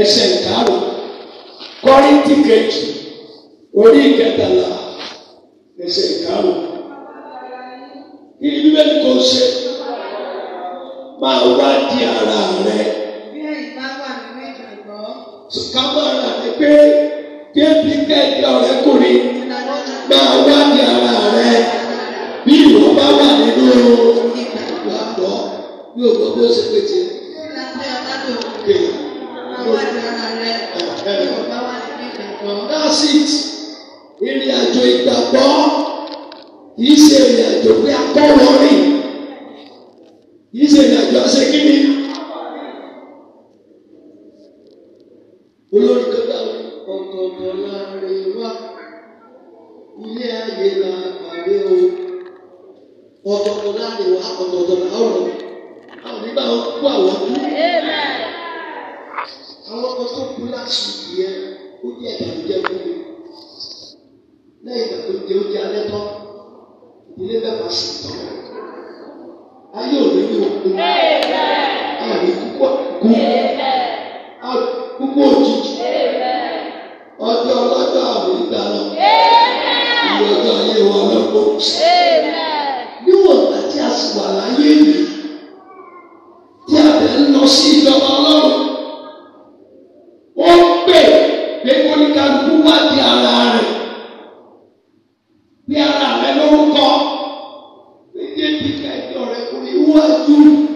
ẹsẹ̀ ìdárò kọ́rìntì kejì orí ìkẹtàlá ẹsẹ̀ ìdárò kí ni bíbélì kò ṣe máa wá di ara rẹ. bí ẹ̀yin bá wà nínú ìgbàgbọ́. kábọ̀ ara rẹ pé débi kẹ́ẹ̀dé ọ̀rẹ́kùnrin máa wá di ara rẹ bí ìwọ bá wà nínú ìgbàgbọ́ yóò gbọ́ bí ó ṣe pé tiẹ̀. gbàgbọ́ yìí ṣe ìrìn àjò pé akọ́wọ́ rìn yìí ṣe ìrìn àjò ọ̀sẹ̀ kíni. olórí tó dá ọ̀gọ̀ọ̀gọ̀ láàrin wá ilé ayé la àárẹ̀ o ọ̀gọ̀ọ̀gọ̀ láàrin wá ọ̀gọ̀ọ̀gọ̀ láàrọ̀ àwọn nígbà wọn kú àwọn kú. àwọn ọkọ̀ tó kú láti yẹ ó jẹ́ fún mi lẹ́yìn ìgbà tó jẹ oúnjẹ alẹ́ tán ilé mẹ́fà sì tán ayé òní ni wọ́n pè àmì kúkú kúkú òjijì ọjọ́ ọlọ́jọ́ àmì ìgbà lọ ìrọ̀jọ́ ayé wa lọ́kọ́ níwọ̀n àti àsìwà láyé nìyí. ọ̀rẹ́ kò níwájú.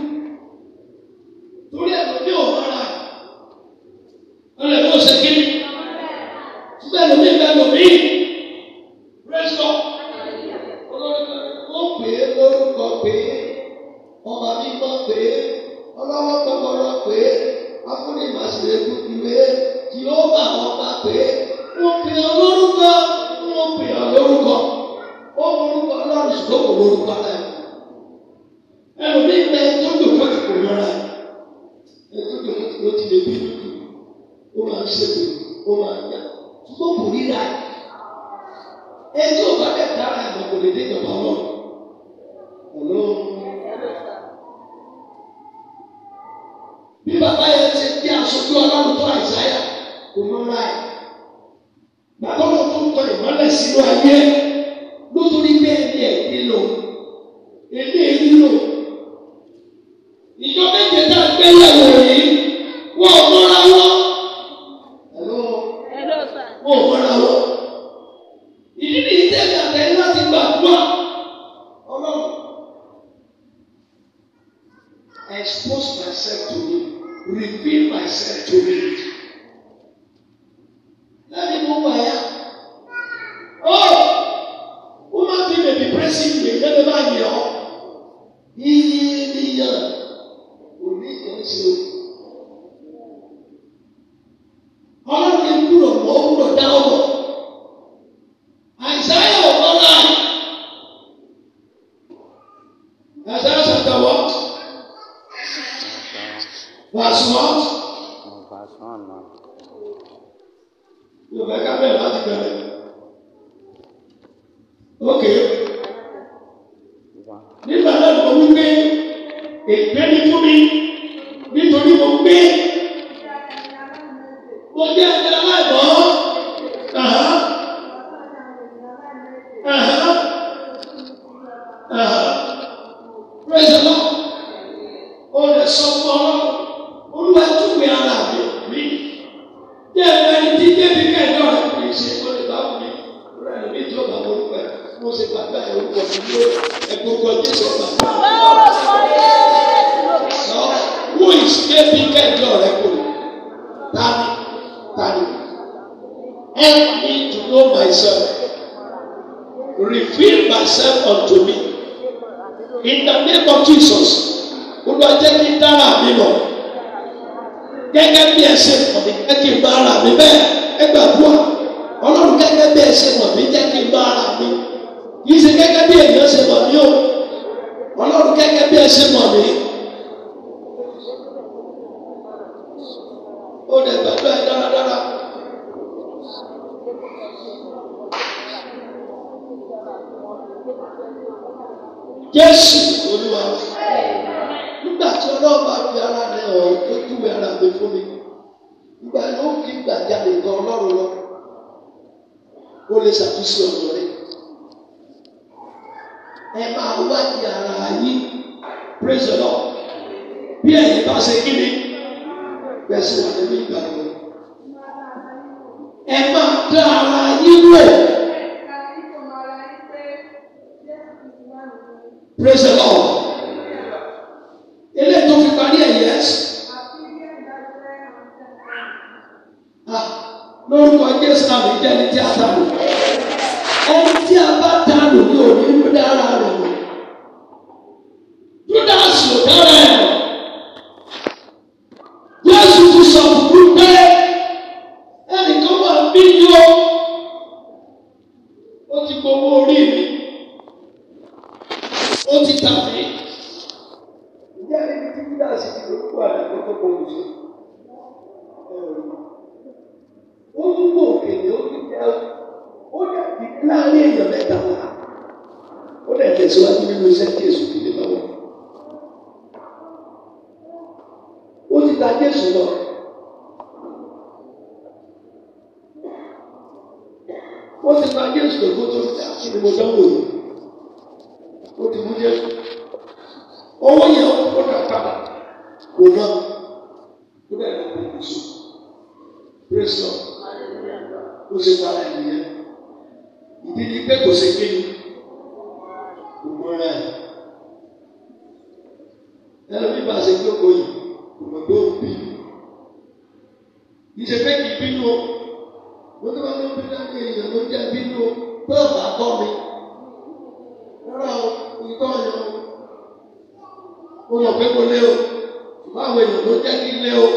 ó lè ṣàtúnṣe ọ̀rọ̀ rẹ̀. Ẹ máa wádìí ara yín praise the Lord. Bí ẹ̀yin bá ṣe kí ni bẹ́ẹ̀ sì wà nínú ìgbàgbọ́. Ẹ máa dá ara yín wò. Praise the Lord. ìṣe pé kì í bínú o mo ní wọn ló ń bínú àwọn èèyàn ló ń jẹ bínú o pé ọba kọ́ mi rárá o ìtọ́ ọ̀yàn o mo mọ̀ pé mo lé o ṣùgbọ́n èèyàn ló jẹ́ kí n lé o.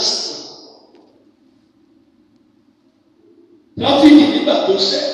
àsìkò. Prọfìtì nígbà tó sẹ́yìn.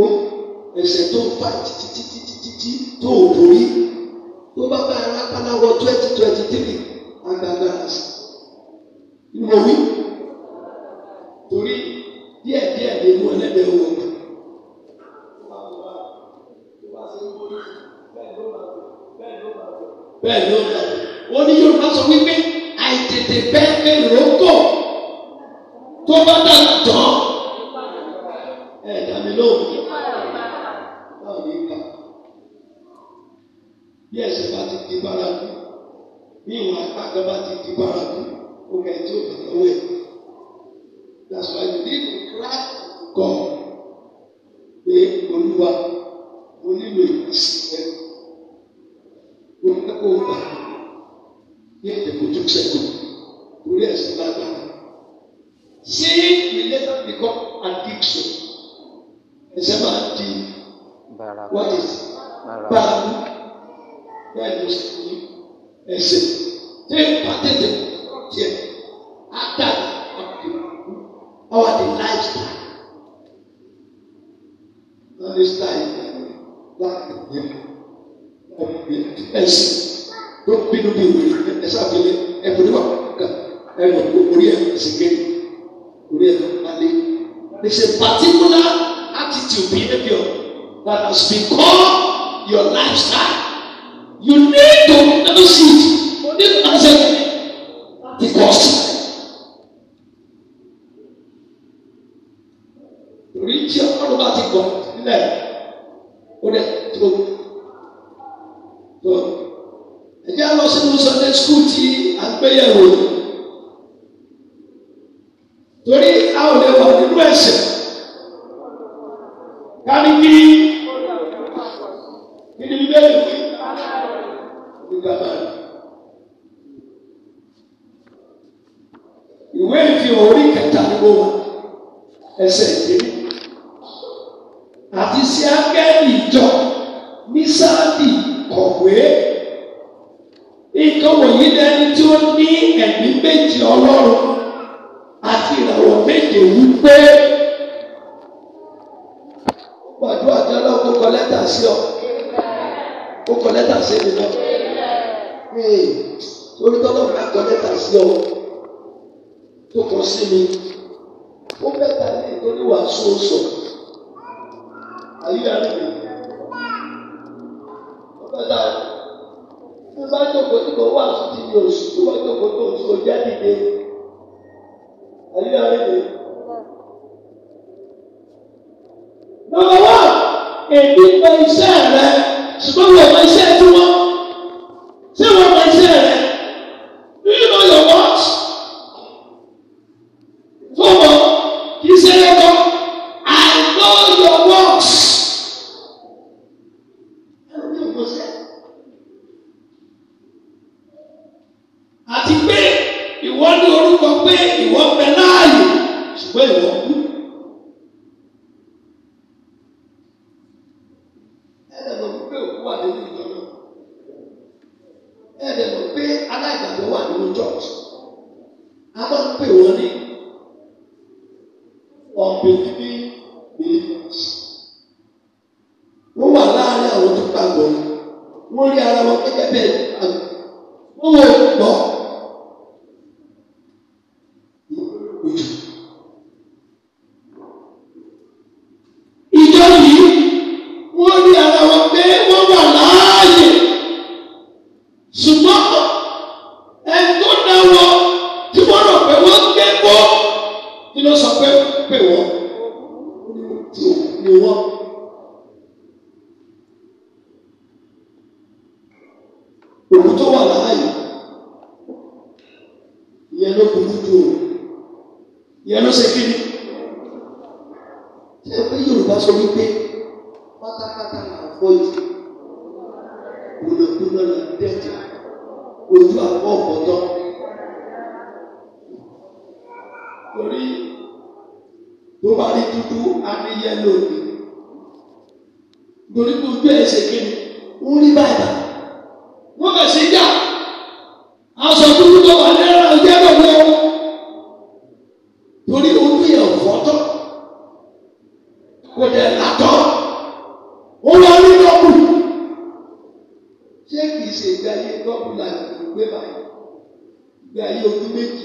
ó ẹsẹ̀ tó ń fà títítítítí tó ò borí tó bá bá ara panáwọ twenty twenty three and others. Ìwọ̀n wí. torí tí ọlọ́run bá ti gbọ̀n nílẹ̀ ó dẹ̀ tó tó ẹ jẹ́ lọ sínú Sunday school tí a torí a ò lè wà nínú ẹ̀sìn. pé ìwọ bẹ láàyè ṣùgbọ́n ìwọ kú. ṣé kì í ṣe ìgbé ayé dọ́bùlà ìgbé báyìí ìgbé ayé ojú méjì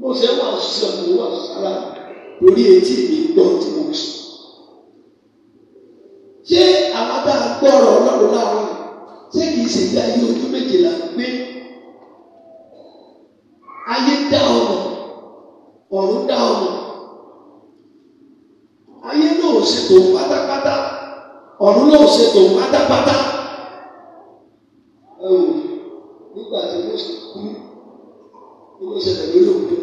mo ṣe wà ṣiṣẹ́ mo wà sára torí etí mi gbọ́ tí mo sùn. ṣé àwọn tá a gbọ́rọ̀ ọlọ́run láàárọ̀ ṣé kì í ṣe ìgbé ayé ojú méjì là ń gbé ayé dá ọmọ ọ̀run dá ọmọ ayé náà ṣètò pátápátá ọ̀run náà ṣe tòun pátápátá ẹ wò nígbà tí ó ṣe kú ó ló ṣẹlẹ̀ lórí òkú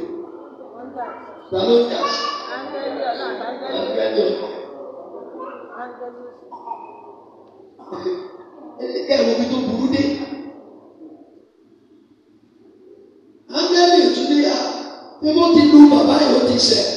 ta ló ń kà sí angẹ́lì ẹ̀rọ mi tó burú dé. angẹ́lì tún ní à ti lu bàbá yìí ó ti ṣẹ̀.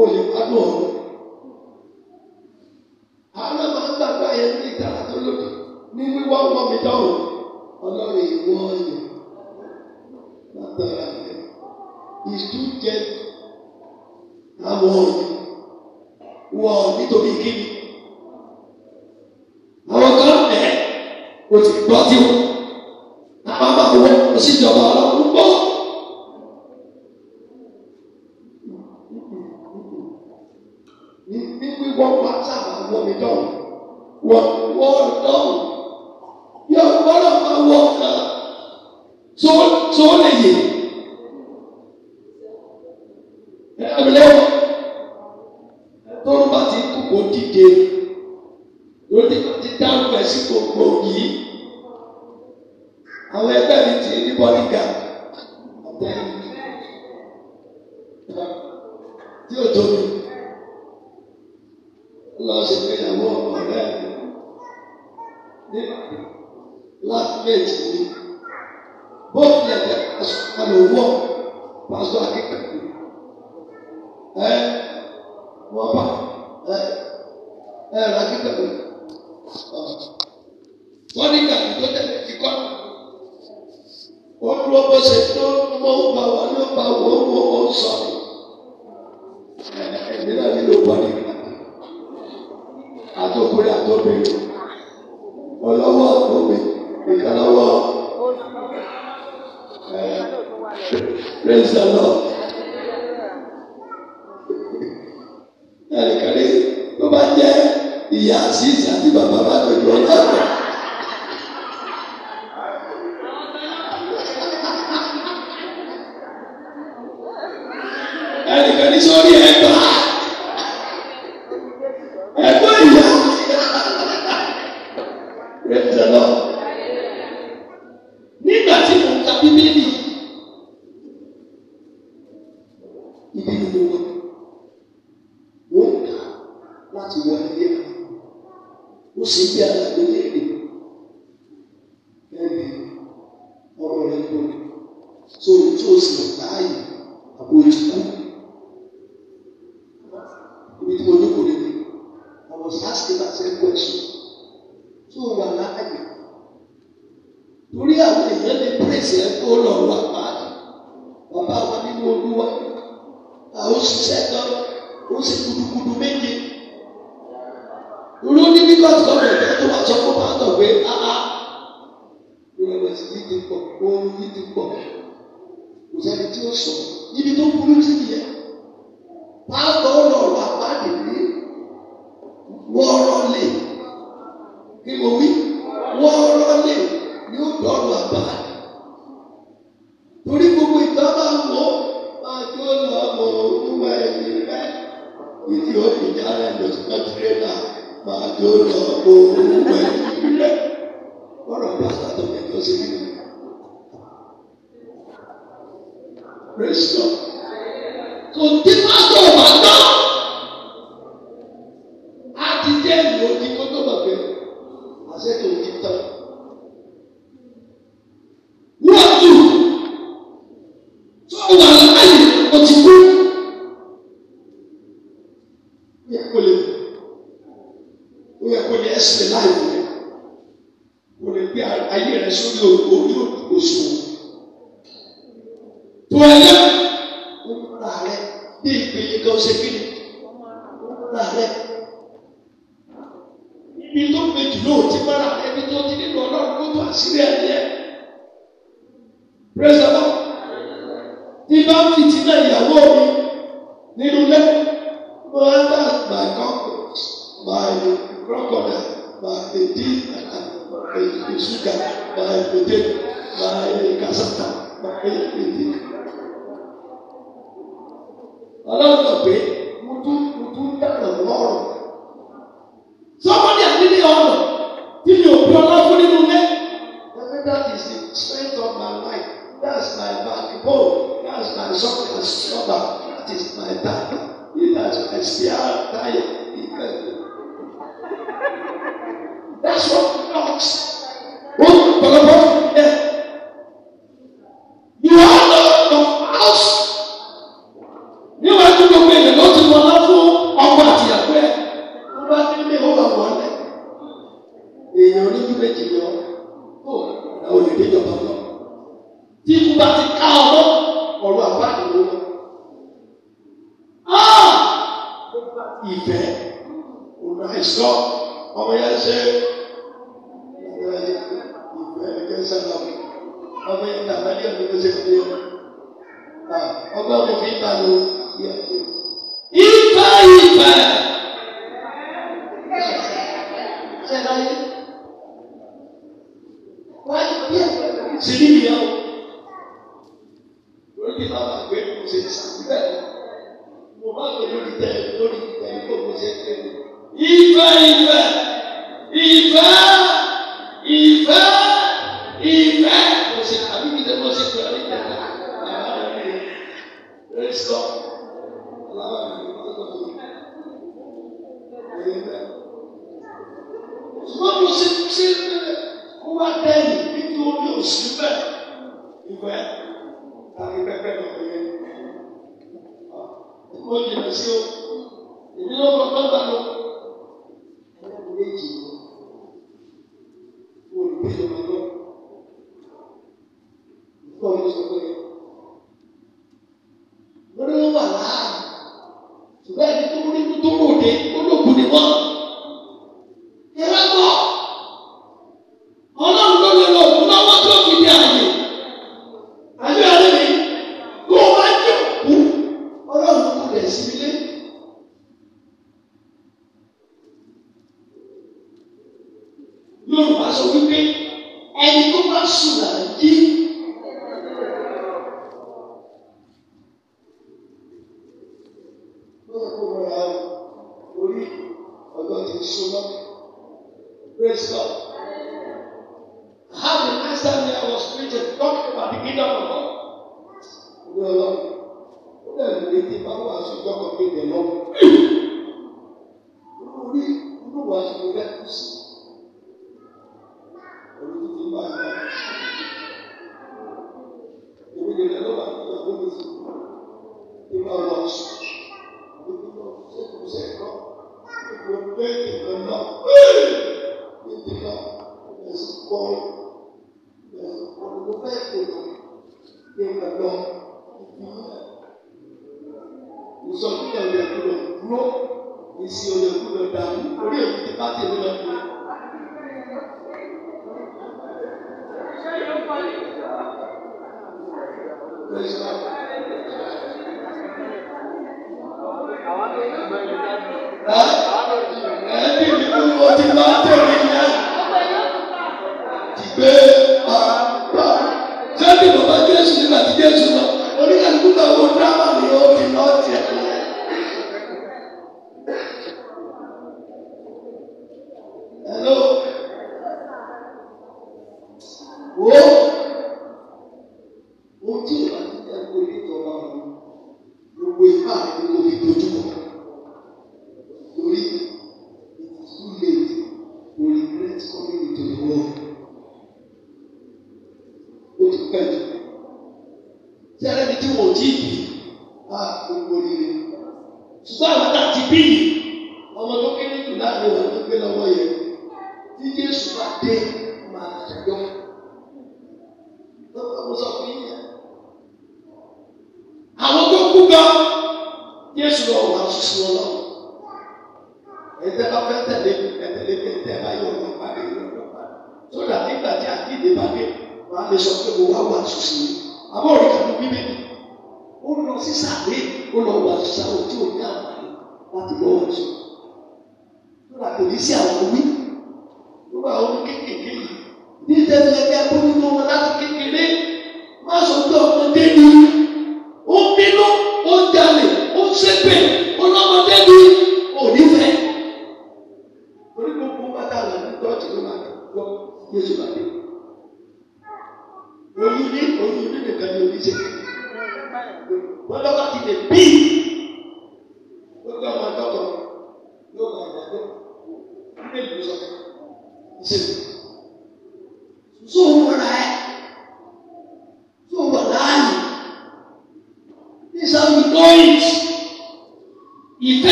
òye gbádùn ọ̀run. àwọn náà máa ń gbàgbá yẹn ní ìtara tó lòdì ní wíwá ọmọ mi dánwò ọlọ́run ìwọ ọyàn látara rẹ̀ ìtújẹ àwọn ọ̀yàn wọ nítorí kíni àwọn kan ẹ̀ kò sì gbọ́ sí wọn. 人生啊。virginity. Praise God. Kò 别挤哦 Motiva.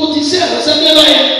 bó ti ṣe àlọ́sẹ́gbẹ́ báyẹn.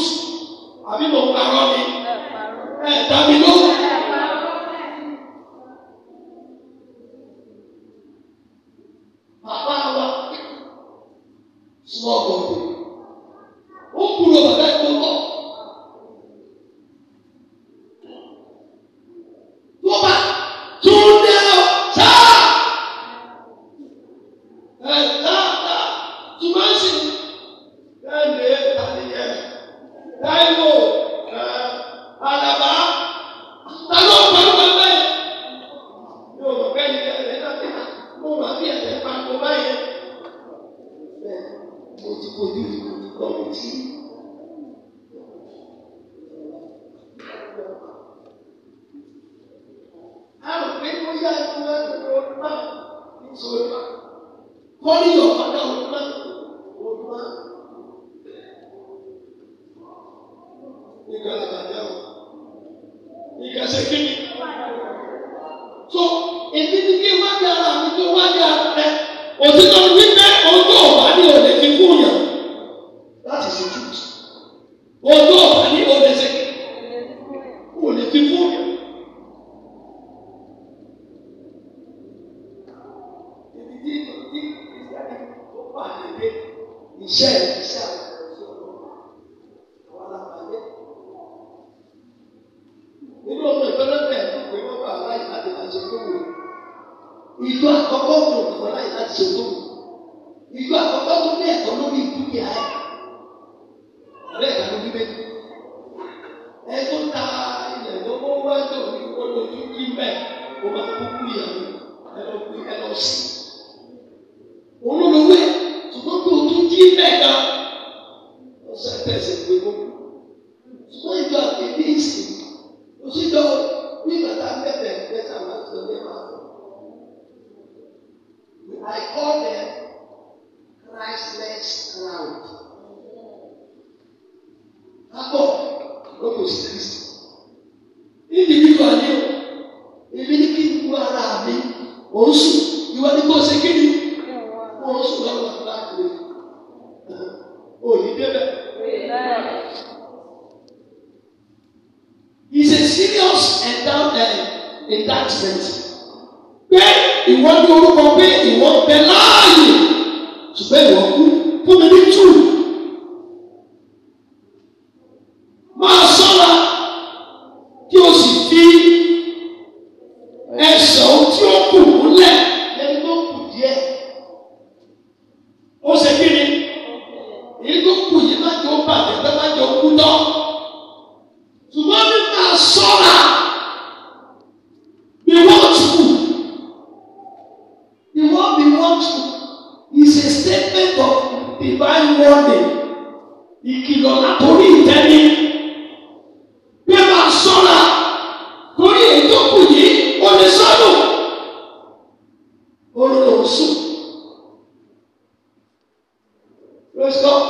lose àbí mo parọ́ ni ẹ̀ dá mi lóhùn. ọgbọ́n tó ní ẹ̀kọ́ lórí dúkìá ẹ̀ ọ̀rẹ́ ìlànà ní méjì ẹ tó ta ilẹ̀ tó kó wájú òní kó lójú kó máa kú kú ìyàwó ẹ lọ kú ẹ sí ororo sùn. Praise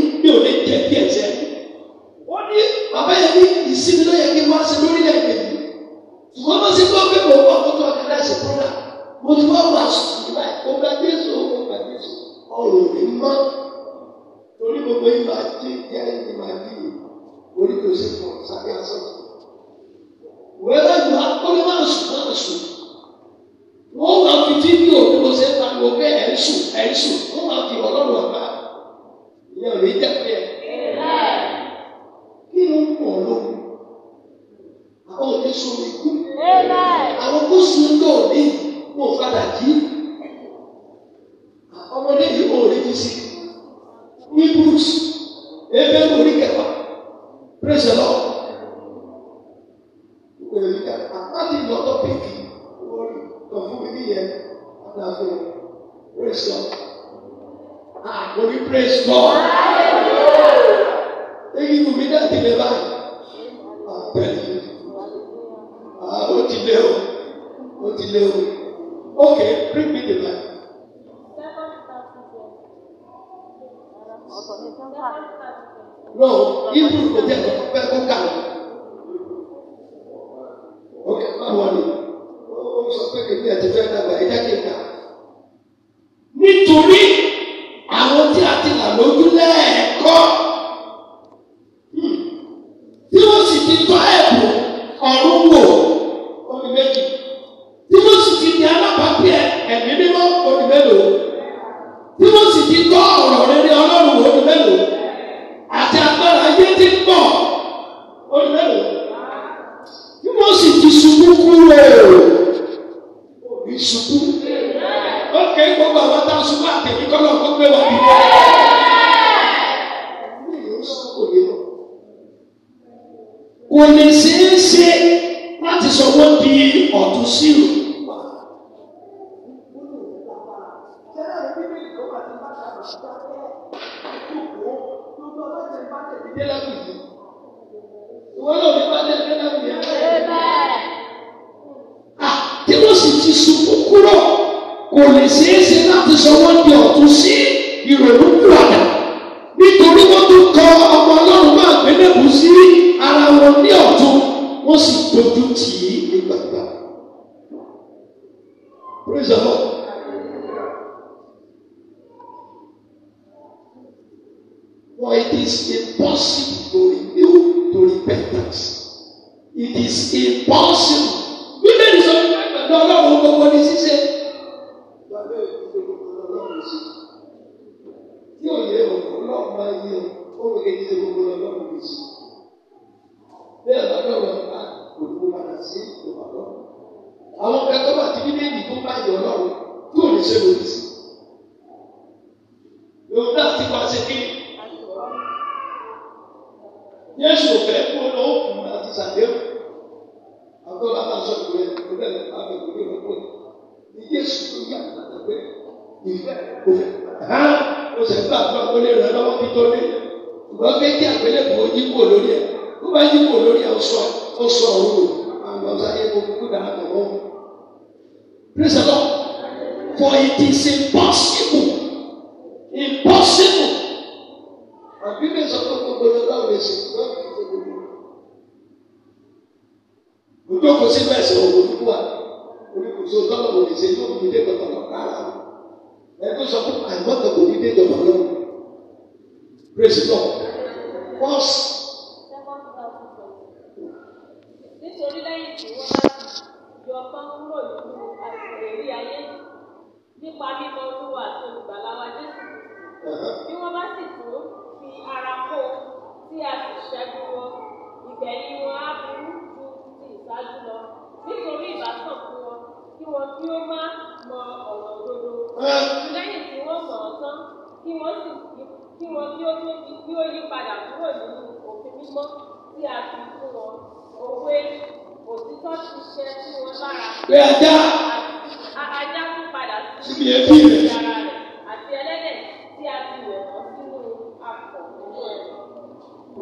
Okay, so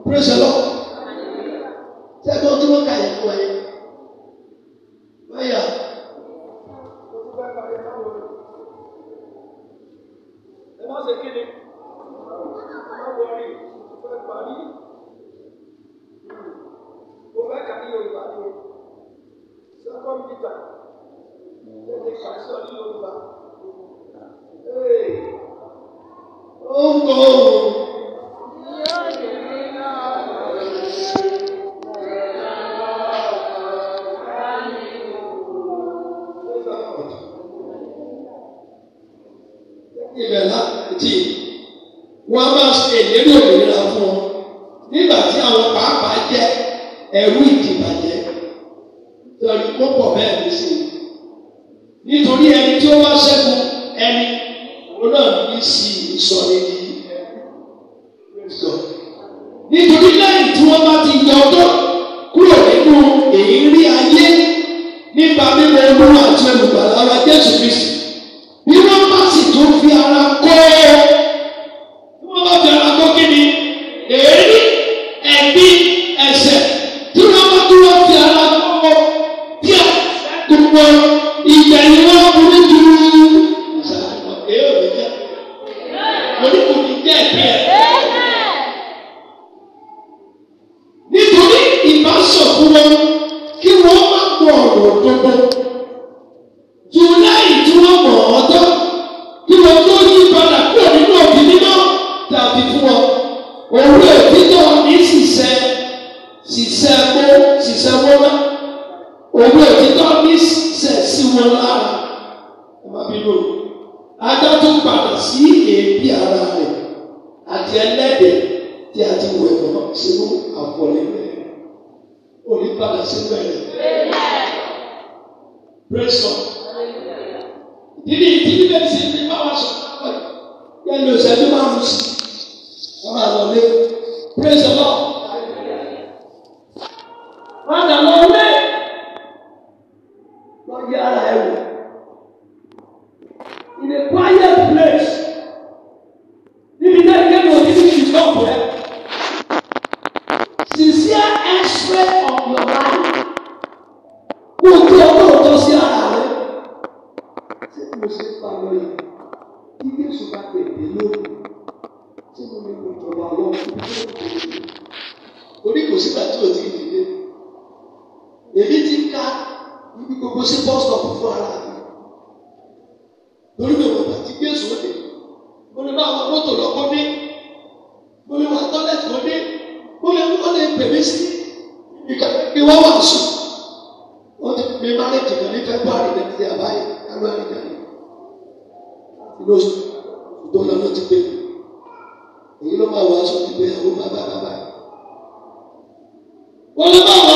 Praise the Lord. ajá tún padà sí èébì ara rẹ̀ àti ẹlẹ́dẹ̀ tí a ti wẹ̀ lọ sínú àpọ̀lẹ́ rẹ̀ òní padà sínú ẹ̀rẹ̀. Praise God. Ìdílé ìdílé bẹ́ẹ̀ sì ní báwa sọ pé yẹn lè ṣẹ́jú máa mú sí wọ́n máa lọ lé. Praise the Lord. Wọ́n dà lọ lé. Wọ́n yára ẹ̀wọ̀. require What about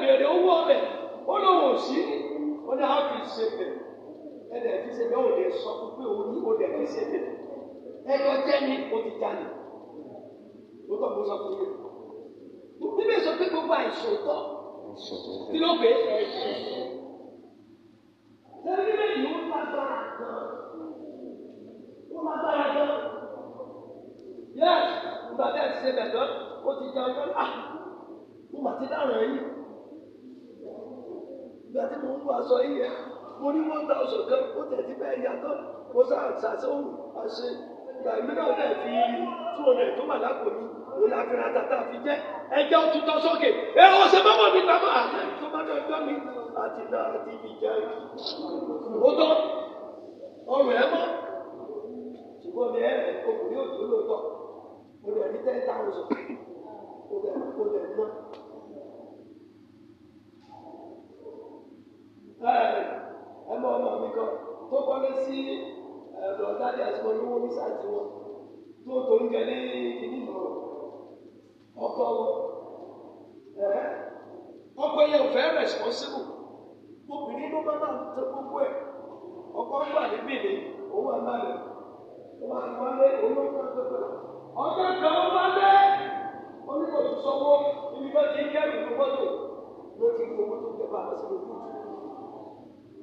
béèrè owó ọbẹ̀ ó lóun ò sí ó ní how to save them ẹ̀dẹ̀ fi ṣe bẹ́ẹ̀ ò lè sọ fún pé òun ní òdẹ̀ fi ṣe bẹ́ẹ̀ ẹ̀yọ jẹ́ni ó ti jalè ó tọ́ kó sọ fún yẹn bíbélì sọ pé gbogbo àìsòótọ́ kí ló gbé lẹ́yìn bíbélì ó lágbára gan ó lágbára gan yẹ́n ìgbà bẹ́ẹ̀ ti ṣe bẹ̀tọ́ ó ti jẹ ọjọ́ náà ó mà ti dáràn yìí ìgbà tí mo ń wọ aṣọ yìí mo ní one thousand kan ó tẹ̀sí bẹ́ẹ̀ yàtọ̀ mo ṣàṣàṣọ́hùn àṣe ìgbà mìíràn bẹ́ẹ̀ fi two hundred tó wà lápò mi mo láfi ra tata fi jẹ́ ẹjẹ́ ó ti tọ́ sókè ẹ ọ mọ́mọ́ mi pamọ́ àti tó bá dọ̀ ẹjọ́ mi àti náà àti ibi jẹ́ ó tọ́ ọrùn ẹ mọ́ ṣùgbọ́n mi ẹ ọkùnrin òjò ló mo lè rí ten thousand mo lè mo lè náà. Eh, ẹmọ ọmọ mi kan tó kọ́lé sí ẹ̀rọ dáadé àsìkò olówó ní sáàtì wọn tó tó ń jẹ ní ìdí ìmọ̀ràn ọkọ wọn eh, ọkọ yẹn ò fẹ́ rẹ̀sìpọ́sibù obìnrin ló bá máa tẹ gbogbo ẹ̀ ọkọ ń gbà níbí ni òun àgbà rẹ̀ ó máa ń wálé òun ló ń gbà pẹ̀lú ọjọ́ kan ó wálé oníkòtò sọ́wọ́ ibi bá ti ń kẹ́rù ní ló ti ń gbogbo tó ń jẹ bá a lọ sí ojú ìjọba.